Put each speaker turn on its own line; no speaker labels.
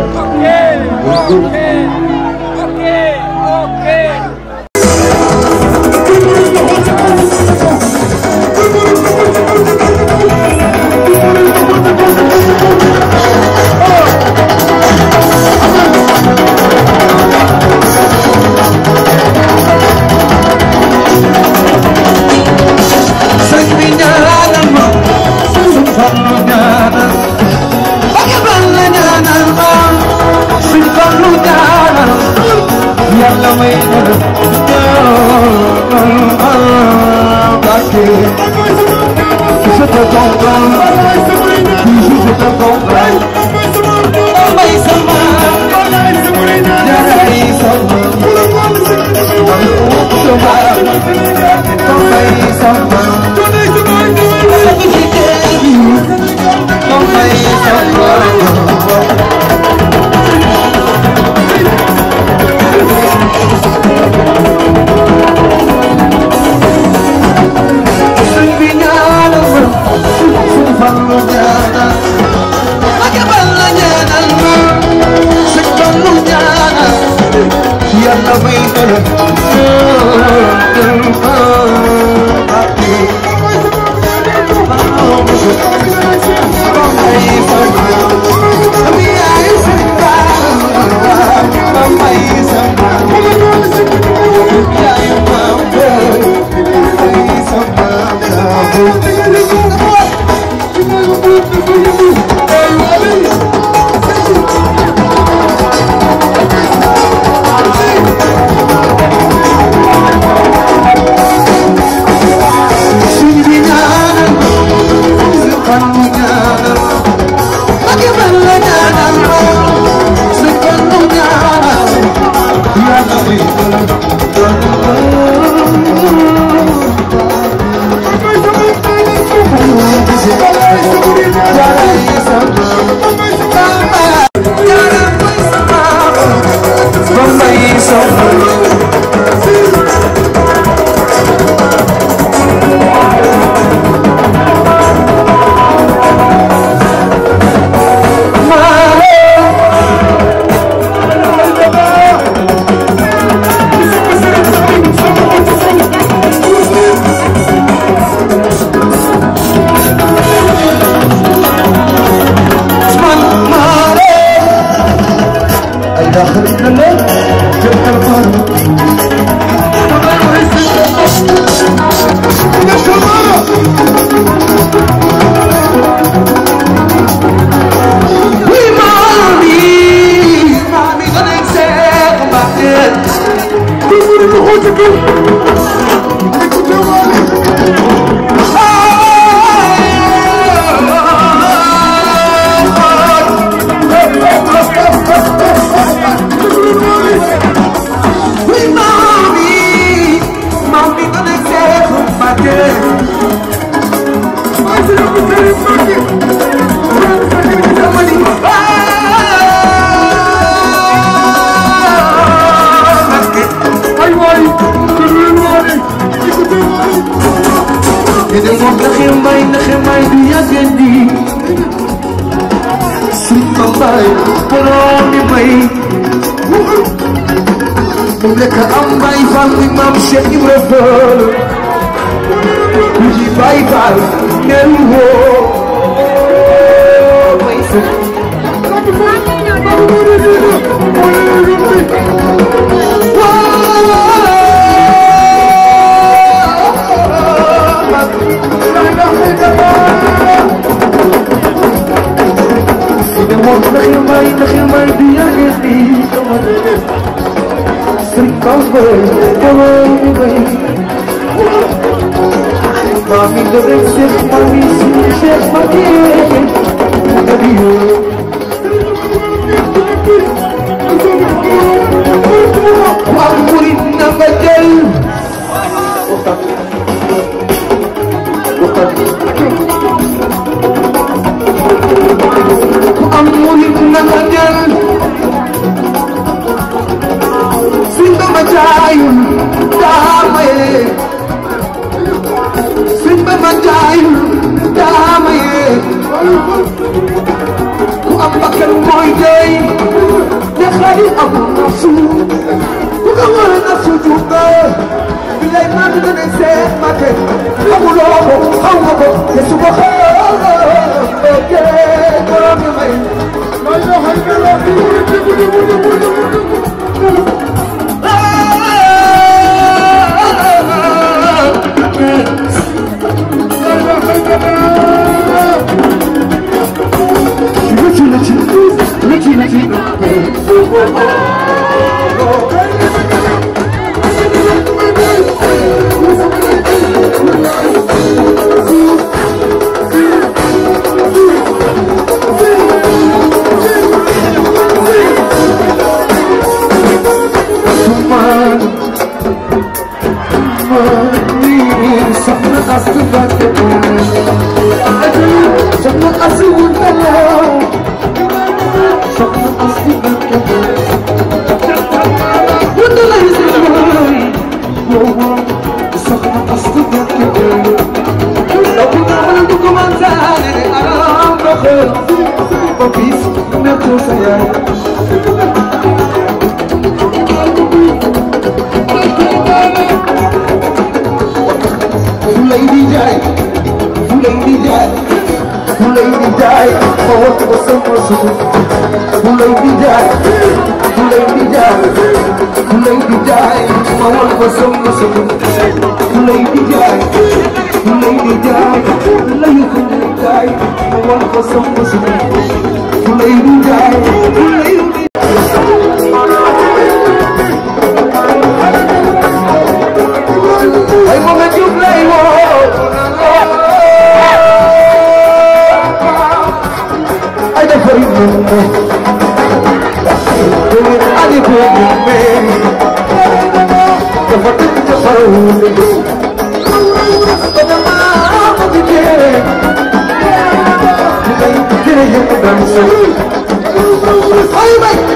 Okay, okay. Thank you. Écoutez-moi, Fall kuy maam Cheikh Ibra Fall ku ci Baay Fall nel woo may sëg woo away, away, away. Mommy, the red ship, mommy, sweet ship, mommy, love you. Pangkulit na bagal! Utak sujud ku ko waral na sujud ba bilay maa ngi doon seet ma kër xamuloo ko xaw ma ko te su ma xoolee jëlee borom na may. قصد فاتكم أجل شفنا قصد وانتهى شفنا قصد فاتكم وانتهى يزمان يوم شفنا قصد فاتكم لو كنا عندكم أنزال أرام بخير وبيس نتوسيا jaay fu lay di jaay fu lay di jaay ma woote ko sama suuf fu lay di jaay fu lay di jaay fu lay di jaay ma Ay, my